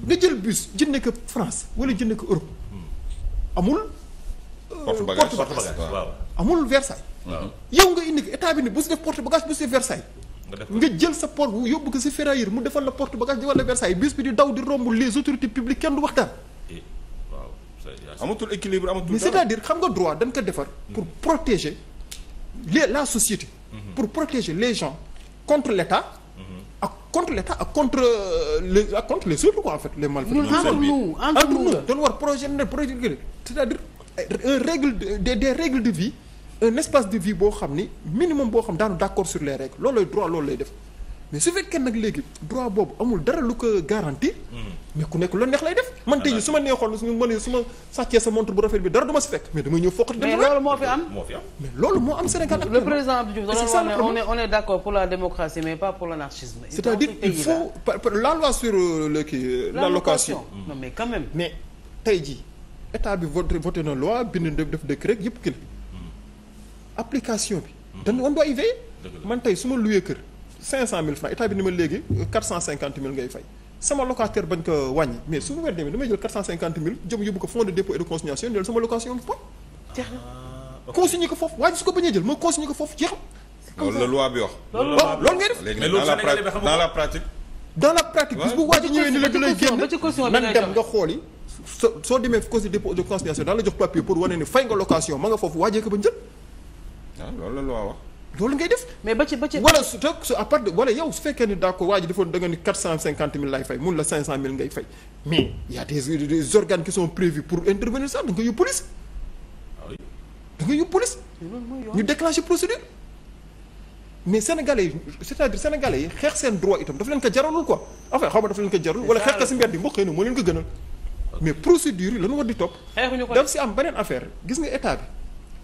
nga jël bus jënd ko France wala jënd ko Europe amul. Euh, porte bagage porte bagage waaw amul Versailles. yow nga indi ko état bi ni bu si def porte bu si def Versailles. nga jël sa porte yóbbu ko si ferrailleur mu defal la porte bagage defal la Versailles bus bi di daw di romb les autorités publiques kenn du waxtaan. Eh, waaw amatul équilibre amatul. mais c'est-à-dire xam nga droit dañ ko defar. Hmm. pour protéger les la société. Hmm. pour protéger les gens contre l'État. contre l'État ak contre euh, les ak ah, contre les autres quoi en fait les malfaiteurs. entre nous entre nous war projet ne projet c'est-à-dire euh, un règle des des règles de vie un espace de vie boo xam ni minimum boo xam daanu d'accord sur les règles loolu lay droit loolu lay def mais su fekkee nag léegi droit boobu amul dara lu ko garantir. mais ku nekk lu neex lay def. man tey su ma neexoon su ma su ma sàccee sa montre bu rafet bi dara du si fekk. mais damay ñëw foqati dem. mais loolu moo fi am moo fi am. mais on est on est d' accord l' anarchisme. c' est à dire tey jii état bi voté voté na loi bind def yëpp kii la hmm. application bi. Hmm. dañu on doit y veiller. man tey su ma loué kër 500000F état bi ni ma léegi 450000 euh, ngay fay. sama locataire bañ ko wàññi mais su ma weer demee damay jël quatre cent cinquante mille jëm yóbbu ko fonds de dépôt et de consignation ñu sama location bi pop. jeex ah, foofu waaye su ko bañee jël ko foofu jeexam. loolu la loi bi wax. loolu la loi bi wax léegi nag dans la pratique dans so soo demee cause de la jox papier pour wane ni fay nga location ma nga foofu waajee ko ba njël ah, loolu la loi wax loolu ngay def. mais ba ci ba ci wala su toog su à part yow su fekkee ni d'accord waa ji defoon da nga ni quatre cent cinquante mille lay fay mun la cinq cent mille ngay fay mais y a des des organes qui sont prévus pour intervenir sax da nga yóbbu police. waaw ah da nga yóbbu police. ñu déclencher procédure. mais sénégalais yi c'est-à-dire sénégalais yi xeex seen droit itam daf leen ko jaralul quoi enfin xaw ma daf leen ko jarul wala xeex ko si mbedd yi mbokk yi moo leen ko gënal ah. mais procédure si am beneen affaire gis nga état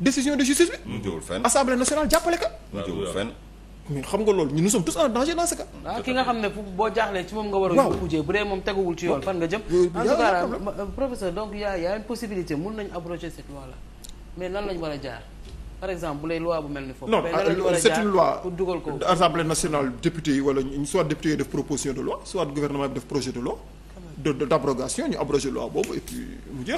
décision de justice bi. mu assemblée nationale jàppale ka. mu xam nga loolu ñun nous sommes tous en danger dans ce cas. Ah, ki nga xam ne boo jaaxlee ci moom nga war a. waaw xujee bu dee moom teguwul ci yoon fan nga jëm. professeur donc y' a y' a une possibilité mun nañu abroger cette loi là mais nan lañu war a jaar par exemple bu lay loi bu mel ni foofu. non euh, c'est une loi pour dugal ko. assemblée nationale député yi wala soit député yi def proposition de loi soit gouvernement bi def projet de